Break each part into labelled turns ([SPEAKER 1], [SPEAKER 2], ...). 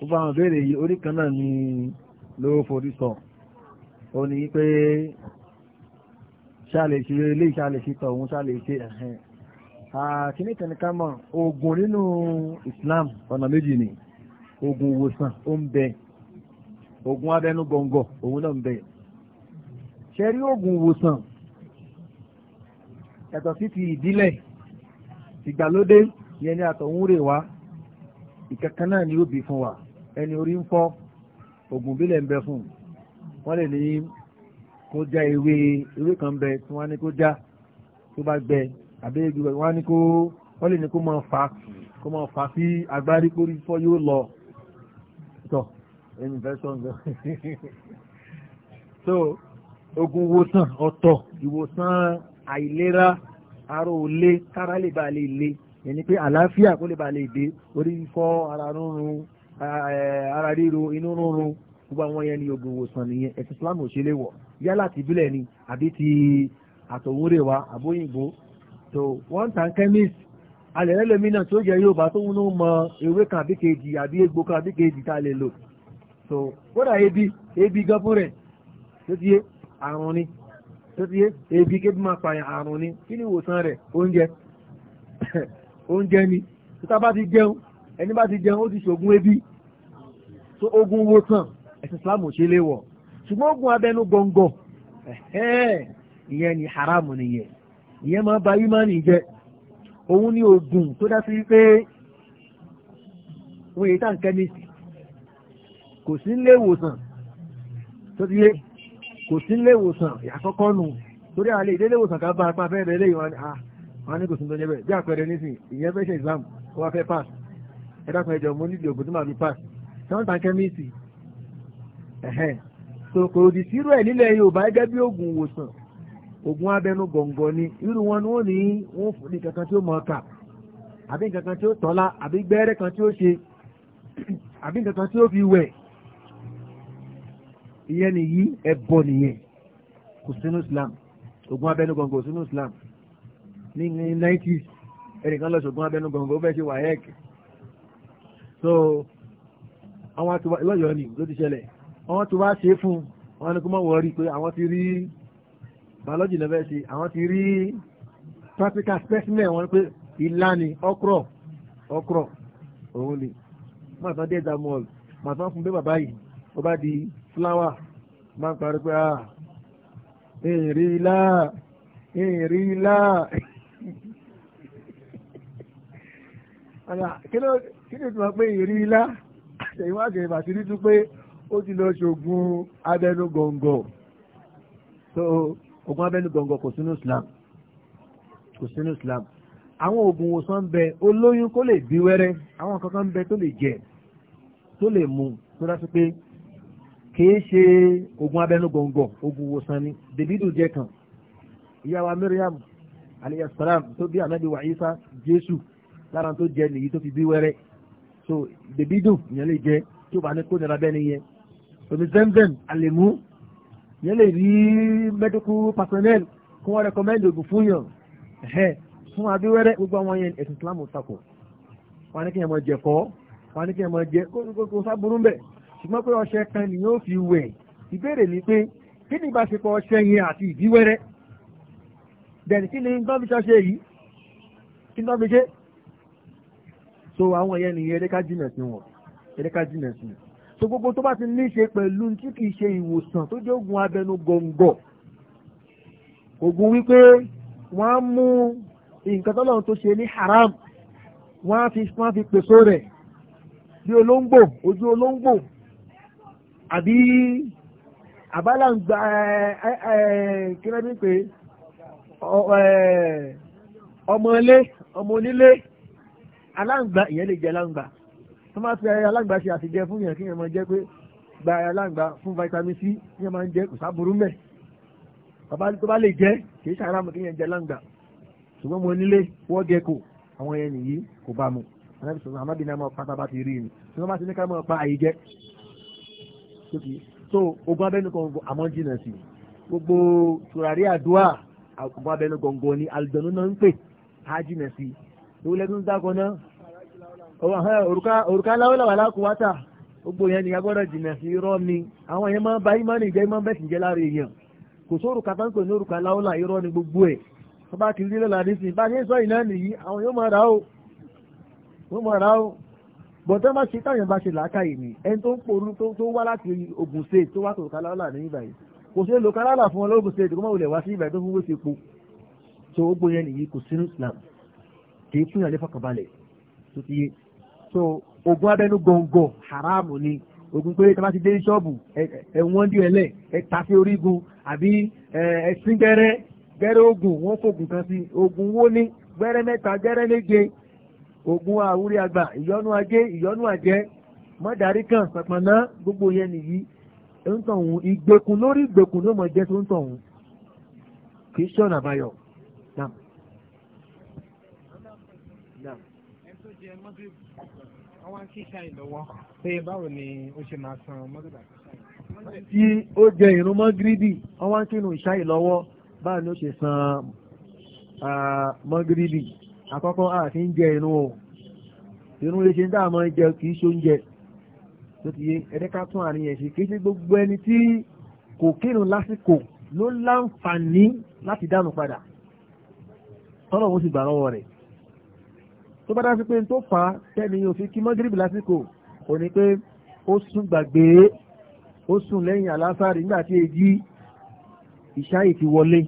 [SPEAKER 1] inshallah gbogbo àwọn ìbéèrè yìí orí kan náà ni ló forí sọ ó ní pé ṣáàlè ṣe ilé ṣáàlè ṣe tọ̀ òun ṣáàlè ṣe ẹ̀hẹ́n àkíní tẹnika mọ̀ oògùn nínú Islam ọ̀nà méjì ni oògùn ìwòsàn ó ń bẹ oògùn abẹnú gọ̀ǹgọ̀ òun náà ń bẹ ṣe rí oògùn ìwòsàn yàtọ̀ sí ti ìdílẹ̀ ìgbàlódé yẹn ni àtọ̀hún rè wá ìkankan náà ni ó bí fún wa ẹni orí ń fọ́ oògùn bílẹ̀ ń bẹ fún wọ́n lè ní kó já ewé ewé kan bẹ tí wọ́n á ní kó já tó bá gbẹ àbí ewé wọ́n á ní kó wọ́n lè ní kó máa fà kó máa fà sí agbárí kórí fọ́ yóò lọ tọ̀ ẹni fẹ́ sọ̀ ǹgbẹ́ so oògùn ìwòsàn ọ̀tọ̀ ìwòsàn àìlera ara ò le kára lè ba lè le ẹni pé àlàáfíà kó lè ba lè dé orí fífọ́ ara rúnrun ara ríro inú rúnrun gbogbo àwọn yẹn ni oògùn ìwòsàn nìyẹn ẹ̀sìn Islam ò ṣe lè wọ̀ yálà ti bílẹ̀ ni àbí ti àtọ̀wúrè wa àbóyìnbó tó wọ́n tàn chemist alẹ́ ẹlẹ́mí náà tó jẹ́ Yorùbá tó ń mọ ewé kan àbí kejì àbí egbò kan àbí kejì tá a lè lò tó kódà ebi ebi gan fún rẹ̀ tó ti yé àrùn ni tó ti yé ebi kébí máa pààyàn àrùn ni kí ni ìwòsàn rẹ̀ oúnjẹ oúnjẹ ni títa bá ti jẹun ẹni bá ti jẹun ó ti ṣògùn ebi tó ogun wo tán ẹ̀sìn Islam ò ṣe lé wọ̀ ṣùgbọ́n ogun abẹnú gọ̀ǹgọ̀ ìyẹn ni haram nìyẹn ìyẹn máa ba imani jẹ́ òun ni ogun tó dá sí pé wọ́n yìí tàn kẹ́míìsì kò sí nílé ìwòsàn tó ti yé kò sí nílé ìwòsàn ìyàkọ́kọ́ nù torí àlè ìdílé ìwòsàn ká bá apá fẹ́ẹ́ bẹ́ẹ̀ lé ìwọ̀n ni ah, wọ́n ní kò sún tó jẹ́ bẹ́ẹ̀ bí àpẹẹrẹ nísìn ìyẹn fẹ́ ṣe exam wá fẹ́ pass ẹ dákun ẹjọ mo nídìí ògùn tó máa fi pass tí wọ́n ń ta kẹ́míìsì ẹ̀hẹ́n so kò òdì sí irú ẹ̀ nílẹ̀ Yorùbá gẹ́gẹ́ bí ògùn ìwòsàn ògùn abẹnú gọ̀ǹgọ̀ ni irú wọn ni wọ́n ní wọ́n fún ní kankan tí ó mọ̀ ọ́kà àbí nǹkankan tí ó tọ́lá àbí gbẹ́rẹ́ kan tí ó ṣe àbí nǹkankan tí ó fi wẹ̀ ìyẹn nìyí ẹbọ nìyẹn kò sínú Islam ògùn abẹnú gọ̀ǹgọ̀ sínú Islam ní 90s ẹnìkan lọ ṣògùn abẹnú gbọ̀ngàn ó fẹ́ ṣe wàhẹ́k so àwọn àtiwá ìwọ́yọ̀ ni ló ti ṣẹlẹ̀ àwọn tó bá ṣe fún wọn ni kó mọ̀ wọ́rí pé àwọn ti rí biology lọ́fẹ́ ṣe àwọn ti rí practical specimen wọn pé ìlà ni ọkọ̀ ọkọ̀ òun ni máa tán dé ìdàmọ́ọ̀l máa tán fún bí bàbá yìí ó bá di fúláwà máa ń parí pé à ah, èrè ilá èrè ilá kí ló ti mọ̀ pé ìrí ilá àtẹ̀yìnwájú ìbà ti rí tún pé ó ti lọ ṣògùn abẹnugọ̀ngọ̀ so ògùn abẹnugọ̀ngọ̀ kò sínú Islam kò sínú Islam àwọn ògùn wòsàn bẹ olóyún kó lè bí wẹ́rẹ́ àwọn kankan bẹ tó lè jẹ tó lè mu tó dá sí pé kìí ṣe ogun abẹnugọ̀ngọ̀ ogun wòsàn ni davidu jẹ kan ìyá wa miriam alayhi salam tó bí anabi wa isa jésù lára tó jẹ nìyí tó fi bí wẹ́rẹ́ so bèbí dùn ìyẹn lè jẹ tí ó bá ní kó nira bẹ́ẹ̀ nìyẹn omi zemzem àlèmú ìyẹn lè rí medical personnel kí wọ́n recommend oògùn fún yàn fún abíwẹ́rẹ́ gbogbo àwọn yẹn ẹ̀sìn Islam takò wọn ní kí yẹn mọ jẹ kọ́ wọn ní kí yẹn mọ jẹ kó sábúrú mbẹ ṣùgbọ́n pé ọṣẹ kan ni yóò fi wẹ̀ ìbéèrè ni pé kí ni ìbáṣepọ̀ ọṣẹ yẹn àti ìbíwẹ́rẹ́ dẹ̀ni kí ni bá fi ṣe yìí kí ni bá fi ṣe so àwọn ẹ̀yẹ nìyẹn ẹ̀rẹ́ká jìnà sí wọn so gbogbo tó bá ti ní ṣe pẹ̀lú tí kìí ṣe ìwòsàn tó jẹ́ oògùn abẹnú gọ̀ǹgọ̀ oògùn wípé wọ́n mú nǹkan tọ́lọ́run tó ṣe ní haram wọ́n á fi wọ́n á fi pèsè rẹ̀ bí olóńgbò ojú olóńgbò àbí àbálàǹgbà kí ló dé ọmọ onílé aláǹgbá ìyẹn lè jẹ aláǹgbá tó máa fi aláǹgbá ṣe àtijẹ fún yẹn kí yẹn máa jẹ pé gba aláǹgbá fún vitamin C yẹn máa ń jẹ kò sábúrú mẹ bàbá tó bá lè jẹ kì í ṣàrámù kí yẹn jẹ aláǹgbá ṣùgbọ́n mo nílé wọ́ọ̀gẹ́ kò àwọn yẹn nìyí kò bá mu ànábì sọ̀rọ̀ àmọ́ bíi náà máa pátá bá ti rí ni tí wọ́n bá ti ní ká máa pa àyè jẹ so ogun abẹ́nu kan àmọ́ jìnnà sí gbogbo tùràrí àdúrà ogun abẹ́nu gọ̀ǹgọ̀ ni àlùjọ̀nù náà ń pè á jìnnà sí ìwúlẹ tó ń dákọ náà òrùka láwọlàwà lákùwátà gbogbo yẹn ni agbọ́dọ̀ jìnà sí irọ́ ni àwọn yẹn máa ń ba ìmánì jẹ́ ìmọ̀ bẹ́sìn jẹ́ lára èèyàn kò sóòrù kàtà ń pè ní òrùka láwọlà irọ́ ni gbogbo ẹ̀ tó bá ti rí lọ́la nísìn bá ní sọ ìná nìyí àwọn yóò máa ra ó yóò máa ra ó bọ̀dọ́ má ṣe táwọn bá ṣe làákàyè ni ẹni tó ń porú tó wá láti Ògùn State tó wá kò òrùka láwọlà ní ìbàyìí kò sí lòkà láwọlà fún wọn lóògùn State kó má fún wọ́n kì fún yàn fọkànbalẹ̀ tó ti yé so oògùn abẹ́nú gọ̀ǹgọ̀ haramu ni oògùn pé tí a bá ti dé ṣọ́ọ̀bù ẹ wọ́n dí ẹlẹ̀ ẹ ta sí orígun àbí ẹ sín gẹ́rẹ́ gẹ́rẹ́ oògùn wọ́n fògùn kan sí oògùn wo ni gẹ́rẹ́ mẹ́ta gẹ́rẹ́ méje oògùn àwúrí àgbà ìyọnu ajé ìyọnu àjẹ mọ́dàrí kan sàpàná gbogbo yẹn nìyí ń tọ̀hún ìgbèkùn lórí ìgbèkùn ló mọ̀ jẹ́ tó ń tọ̀hún kì í ṣọ̀nà àbáyọ̀ mọ́gírìbì àwọn akíkà ìlọ́wọ́ pé báwo ni ó ṣe máa san mọ́gírìbì tí ó jẹ ìrún mọ́gírìbì àwọn akínú ìṣá ìlọ́wọ́ báwo ni ó ṣe san mọ́gírìbì àkọ́kọ́ àti ń jẹ ìrún o ìrún lè ṣe ń dáàmọ́ jẹ kì í ṣe oúnjẹ tó ti yé ẹ̀dẹ́ká tún àárín yẹn ṣe kì í ṣe gbogbo ẹni tí kò kírun lásìkò ló láǹfààní láti dánù padà tọ́lọ̀ wọ́n sì gbà lọ́wọ́ rẹ̀ tó bá dá sí pé tó fà á tẹ́ni òfin kí mọ́gírìbì lásìkò ò ní pé ó sùn gbàgbé ó sùn lẹ́yìn àlásàrì nígbà tí èjì ìṣáyè ti wọlé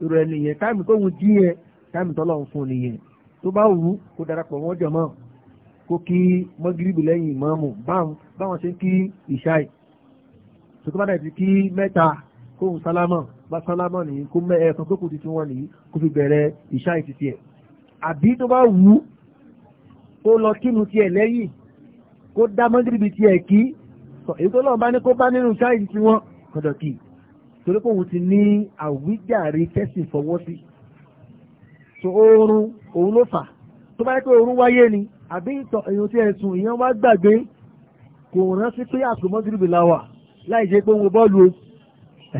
[SPEAKER 1] irú ẹni yẹn táìmù tó wù jí yẹn táìmù tọ́lọ̀ ń fún nìyẹn tó bá wù kó darapọ̀ wọ́n jọmọ́ kó kí mọ́gírìbì lẹ́yìn ìmáàmù báwọn ṣe ń kí ìṣáyè tó tó bá dẹ̀ kí mẹ́ta kóhùn sálámọ̀ bá sálámọ̀ nìyí kó mẹ́ ẹ̀ẹ̀kan tó kù wọn nìyí kó fi bẹ̀rẹ̀ ìṣáyè àbí tó bá wù ú kó lọ kínú tiẹ̀ lẹ́yìn kó dá mọ́gìrìbì tiẹ̀ kí èyí tó lọ́wọ́ bá ní kó bá nínú ṣáìsì tí wọ́n kọ̀dọ̀ kì torí pé òun ti ní àwíjàre tẹ́sì fọwọ́ sí so oorun òun ló fà tó bá yẹ pé oorun wáyé ni àbí ìtọ̀ èyàn tí ẹ̀sùn èyàn wá gbàgbé kò rántí pé àsùn mọ́gìrìbì la wà láì jẹ́ pé òun bọ́ọ̀lù o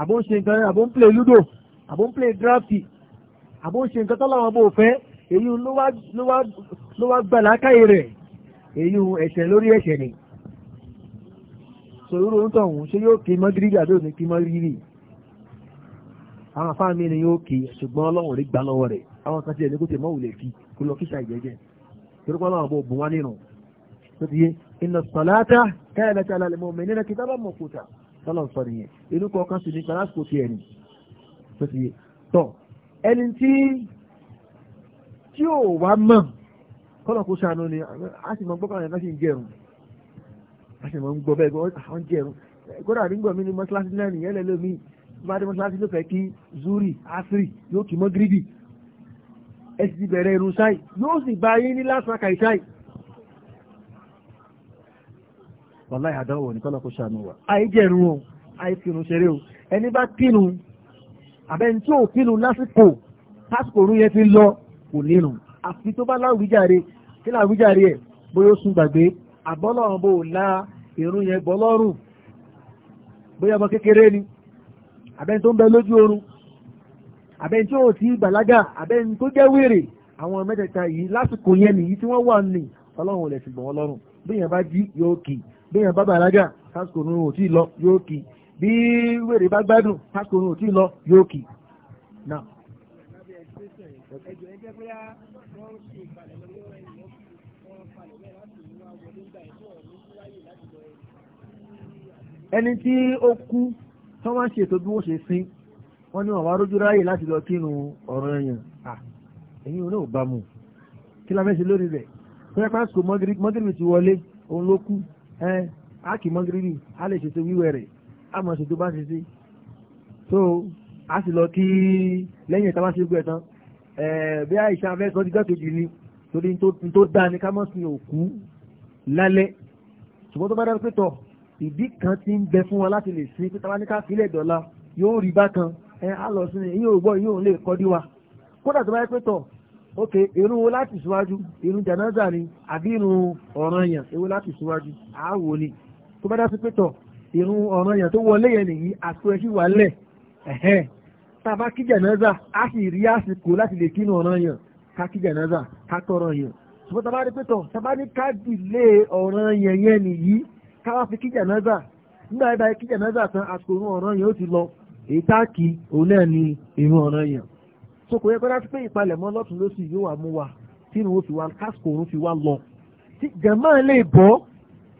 [SPEAKER 1] àbó ń ṣe nǹkan àbó ń play ludo àbó ń play drafti àbó ń ṣe nǹkan tọ́lọ́wọ́n bó fẹ́ èyí ló wá gbà lákàyè rẹ̀ èyí ẹ̀ṣẹ̀ lórí ẹ̀ṣẹ̀ ni sòrúrò ń tọ̀hún ṣé yóò kí mọ́gírígì àbí òní kí mọ́gírígì àwọn afá mi ni yóò kí ṣùgbọ́n ọlọ́run rí gbà lọ́wọ́ rẹ̀ àwọn kan ti ẹ̀ ní kó tẹ̀ mọ́ òlè kí kó lọ kíṣà ìjẹ́jẹ́ torí pọ́n láwọn bó bùn wá nínú tó ti yé iná sọ̀láta káyọ̀lẹ́ tí ni tó ti yé ẹni tí tí ò wá mọ̀ kọ́nà kó sànú ni a sì mọ̀ gbọ́ kọ́nà yẹn sì ń jẹun a sì mọ̀ ń gbọ́ bẹ́ẹ̀ gbọ́ àwọn jẹun kódà nígbà mi ni mọ́ṣáláṣí náà nìyẹn lẹ́lẹ́mí bá dé mọ́ṣáláṣí ló fẹ́ kí zuri asiri yóò kì mọ́ gírígì ẹ sì ti bẹ̀rẹ̀ irun ṣáì yóò sì bá yín ní lásán àkàì ṣáì. wàláì àdánwò ní kọ́lọ́kọ́ ṣàánú wa àì jẹ̀rù o àì kírun ṣeré o ẹni bá kírun àbẹ́ni tí ò lasiko lásìkò lásìkò ti lọ kò nírun àfi tó bá láwùjáre kí láwùjáre ẹ̀ bóyá ó sún gbàgbé bò la irun yẹn bọ́ lọ́rùn bóyá ọmọ kékeré ni àbẹ́ni tó ń bẹ lójú oorun àbẹ́ni tí ò tí gbàlágà àbẹ́ni tó jẹ́ wèrè àwọn mẹ́tẹ̀ẹ̀ta yìí lásìkò yẹn nìyí tí wọ́n wà ní ọlọ́run ò lè fi bọ̀ bí yẹn lọ yóò kì bí wèrè bá gbádùn tákùnrin òtí lọ yóò kì náà. ẹni tí ó kú tó wá ń ṣètò bí wọ́n ṣe sin wọ́n ní àwọn arójú ráyè láti lọ kírun ọ̀rọ̀ ẹ̀yàn ẹ̀yìn ò náà bá mu kí la fẹ́ ṣe lórí rẹ̀ pẹ́ẹ́ pásítọ̀ mọ́gírì ti wọlé òun ló kú ẹ́ á kì mọ́gírì á lè ṣètò wíwẹ̀ rẹ̀ a mọ̀ sí tó bá ṣe sí so a sì lọ kí lẹ́yìn ìta bá ṣe gbẹ̀ tán bí àìsàn afẹ́ sọ dígbà kejì ni torí tó dá ní ká mọ̀ sí òkú lálẹ́ ṣùgbọ́n tó bá dára pé tọ̀ ìdí kan ti ń bẹ fún wa láti lè sin pé táwa ní ká sílẹ̀ dọ̀la yóò rí bákan ẹ á lọ sí ni yóò gbọ́ yóò lè kọ́ dí wa kódà tó bá yẹ pé tọ̀ ok irun wo láti síwájú irun jànáza ni àbí irun ọ̀ranyàn èwo láti síwájú àá wò ni tó bá dá sí pé tọ̀ irun ọ̀ràn yẹn tó wọlé yẹn nìyí àpò ẹṣin wà lẹ̀ ẹ̀hẹ́n tá a bá kí jẹ̀nẹ́zà á sì rí àsìkò láti lè kínú ọ̀ràn yẹn ká kí jẹ̀nẹ́zà ká tọrọ yẹn ṣùgbọ́n tá a bá rí pẹ́tọ̀ tá a bá ní ká dìlé ọ̀ràn yẹn yẹn nìyí ká wá fi kí jẹ̀nẹ́zà nígbà yẹn bá kí jẹ̀nẹ́zà tán àsìkò irun ọ̀ràn yẹn ó ti lọ èyí òun náà ni irun ọ̀ràn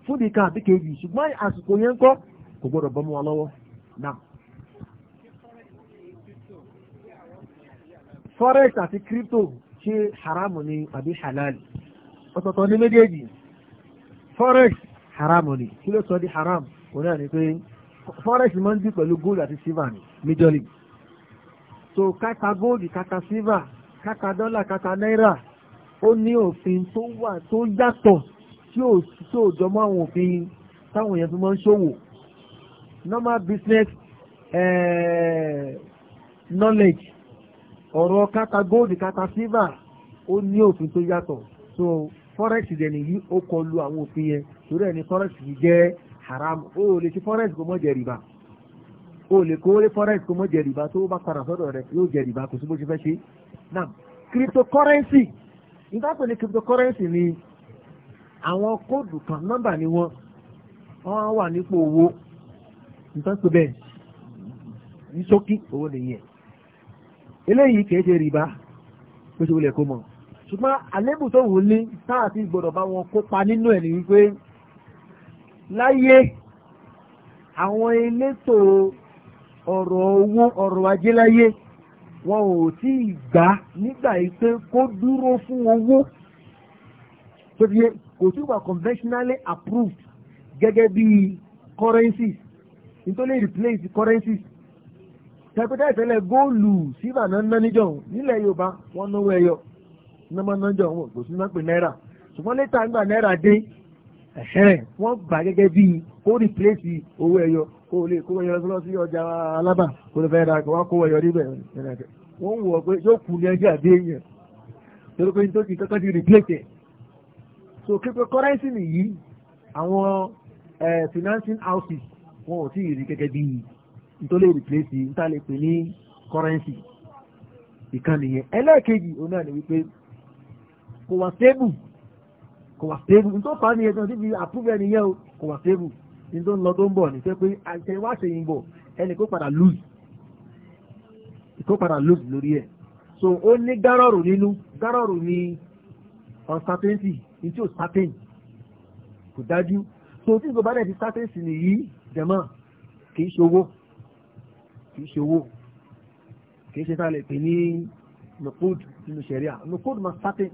[SPEAKER 1] fún ìka àbí kejì ṣùgbọ́n àsìkò yẹn ń kọ́ kò gbọ́dọ̀ bọ́ mú wa lọ́wọ́ náà. forex àti crypto ṣe haramu ni àbí halali ọ̀tọ̀ọ̀tọ̀ ní méjèèjì forex haramu ni kí ló sọ di haram kò náà ni pé forex máa ń dín pẹ̀lú gold àti silver ni majorly so káta gold káta silver káta dọ́là káta naira. ó ní òfin tó wà tó yàtọ̀ tí ò tí ò jọ mọ́ àwọn òfin táwọn èèyàn fi máa ń ṣòwò normal business eh, knowledge ọ̀rọ̀ kata gold kata silver ó ní òfin tó yàtọ̀ so forex dẹ̀ nìyí ó kọlu àwọn òfin yẹn torí ẹni forex yìí jẹ́ haram ó lè ti forex kó mọ́ jẹ rìbá ó lè kó lé forex kó mọ́ jẹ rìbá tó bá padà sọ́dọ̀ rẹ̀ yóò jẹ rìbá kò sí bó ṣe fẹ́ ṣe náà cryptocurrency nígbà pẹ̀lú cryptocurrency ni àwọn kóòdù kan nọ́mbà ni wọ́n wọ́n wà nípò owó nǹkan tó bẹ́ẹ̀ ní ṣókí owó nìyẹn eléyìí kìí ṣe rìbá bó ṣe wulẹ̀ kó mọ̀ ṣùgbọ́n àlébù tó wù ú ní táà ti gbọ́dọ̀ bá wọn kópa nínú ẹ̀ ní wípé láyé àwọn elétò ọ̀rọ̀ owó ọ̀rọ̀ ajé láyé wọn ò tí ì gbà nígbà yìí pé kó dúró fún owó tó fi kò sí wà conventionally approved gẹ́gẹ́ bí currencies nítorí replace currencies tẹ̀pẹ́tẹ́ ìtẹ́lẹ̀ góòlù sílvà náà ná níjọ́ nílẹ̀ Yorùbá wọ́n náwó ẹyọ náà náà jọ wọn kò sí náà pè náírà ṣùgbọ́n lẹ́tà nígbà náírà dé ẹ̀ṣẹ́ wọ́n gbà gẹ́gẹ́ bí kó replace owó ẹyọ kó lè kó ẹyọ lọ sí ọjà alábà kó lè fẹ́ ra kó wá kó ẹyọ níbẹ̀ wọ́n wọ̀ pé yóò kú ní ẹjẹ́ àdéhùn yẹn torí pé nítorí kankan ti replace so cryptocurrency nìyí àwọn eh, financing houses wọn ò tí ì rí gẹ́gẹ́ bí nítorí replace níta lè pè ní currency ìkànnì yẹn ẹlẹ́ẹ̀kejì òun náà ni wípé kò wá stable kò wá stable nítorí fàánì yẹn tí wọ́n ti fi approve ẹni yẹn o kò wá stable ní tó ń lọ tó ń bọ̀ ní pé pé àtẹ̀wá àtẹ̀yìn bọ̀ ẹni kó padà lose kó padà lose lórí ẹ̀ so ó ní gárọ̀rù nínú gárọ̀rù ní uncertainty ní tí ò sátẹ́yìn kò dájú so tí ìjọba náà ti sátẹ́yìn sí nìyí jẹ̀mọ́ kìí ṣe owó kìí ṣe owó kìí ṣe sálẹ̀ pè ní nukud nínú ṣẹ̀ríà nukud ma sátẹ́yìn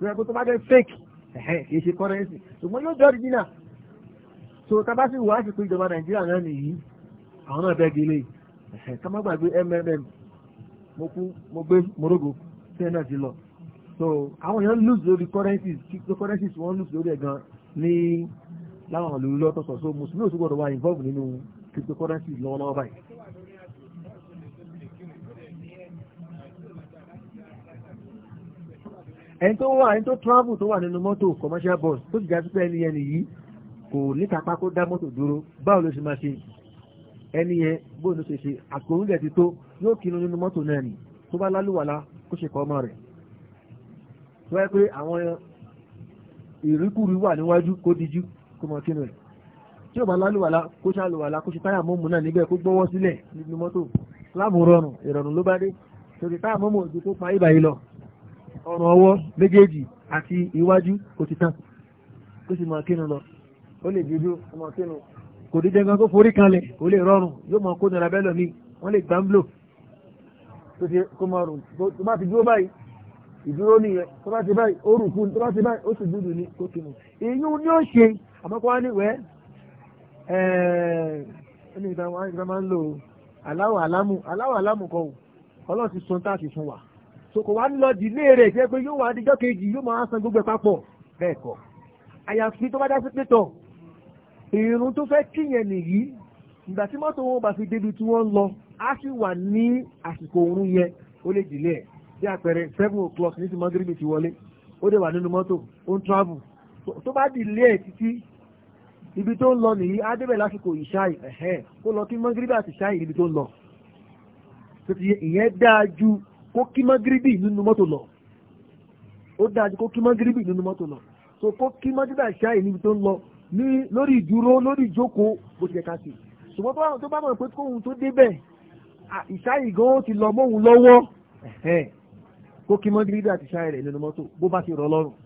[SPEAKER 1] lórí ẹgbẹ́ tó bá jẹ́ fake ẹ̀hẹ́ kìí ṣe kọ́rẹ́nsì ṣùgbọ́n yóò jọ́ ọ̀rìjìnà so tá bá sì wá sí pé ìjọba nàìjíríà náà nìyí àwọn náà bẹ́ẹ̀ gẹ́lẹ́ ẹ̀hẹ́ ká má gbàgbé mmm mo kú mo gbé morogo tí ẹ náà ti lọ so àwọn èèyàn lose lórí currencies currencies wọ́n lose lórí ẹ̀ gan ní láwọn ọ̀lú lọ́tọ̀ọ̀tọ̀ so mùsùlùmí ò tún gbọ́dọ̀ wá involve nínú cryptocurrencies lọ́wọ́lọ́wọ́ báyìí. ẹni tó wà ẹni tó travel tó wà nínú mọ́tò commercial bus tó ti jásí pé ẹni yẹn nìyí kò níkapá kó dá mọ́tò dúró báwo ló ṣe máa ṣe ẹni yẹn bóun ló ṣe ṣe àkóńdẹ̀ ti tó yóò kinu nínú mọ́tò náà nì tó bá lálùwàlá kó ṣe kọ́ ọmọ rẹ̀ tó wáyé pé àwọn ìríkùrí wà níwájú kó dijú kó mọ kínú ẹ̀ tí ò bá lálùwàlá kó ṣàlùwàlá kó ṣe táyà mọ́mù náà níbẹ̀ kó gbọ́wọ́ sílẹ̀ nínú mọ́tò láàmú rọrùn ìrọ̀rùn ló bá dé torí táyà mọ́mù ojú tó pa ìbàyí lọ ọrùn ọwọ́ méjèèjì àti iwájú kò ti tán kó sì mọ kínú lọ ó lè dúdú ọmọ kínú kò dídẹ́ gan kó forí kanlẹ̀ kò lè rọrùn yóò mọ kó nira bẹ́ẹ̀ lọ mí wọ́n lè gbàǹblò tó ti kó mọ rùn tó má fi dúró báyìí ìdúró nìyẹn tó bá ti báyìí ó rùkú tó bá ti báyìí ó sì dúdú ní kó kinu ìyún ni ó ṣe àmọ́kọ́ wá níwẹ̀ ẹni ìgbà wọn ìgbà máa ń lo aláwọ̀ alámù aláwọ̀ alámù kọ̀ ọlọ́run ti sun táàkì fún wa so kò wá ń lọ dìlé rẹ̀ jẹ́ pé yóò wá adijọ́ kejì yóò máa san gbogbo ẹ̀ papọ̀ bẹ́ẹ̀ kọ́ àyàfi tó bá dá sí pé tọ̀ ìrún tó fẹ́ kíyẹn nìyí ìgbà tí mọ́tò wọn bá fi débi tí wọ́n lọ á sì wà ní àsìkò òórùn yẹn ó lè dìlé ẹ̀ bí àpẹẹrẹ seven o'clock ní ti mọ́gírìbì ti wọlé ó dẹ̀ wà nínú mọ́tò ó ń travel tó bá di ilé ẹ̀ títí ibi tó ń lọ nìyí á débẹ̀ lásìkò ìṣáì ẹ̀hẹ́ kó lọ kí mọ́gírìbì àti ìṣáì ibi tó ń lọ tó ti ìyẹn dáa ju kó kí mọ́gírìbì nínú mọ́tò lọ ó dáa ju kó kí mọ́gírìbì nínú mọ́tò lọ so kó kí mọ́gírìbì àti ìṣáì níbi tó ń lọ ní lórí ìdúró lórí ìjókòó bó ti yẹ ká sí ṣùgbọ́n tó bá mọ̀ pé kóhun tó débẹ̀ ìṣáì gan ó ti lọ mọ́hun lọ́wọ́ ẹ̀hẹ́ kó kí mọ́gírídà àti ṣáà rẹ̀ nínú mọ́tò bó bá ti rọ lọ́rùn.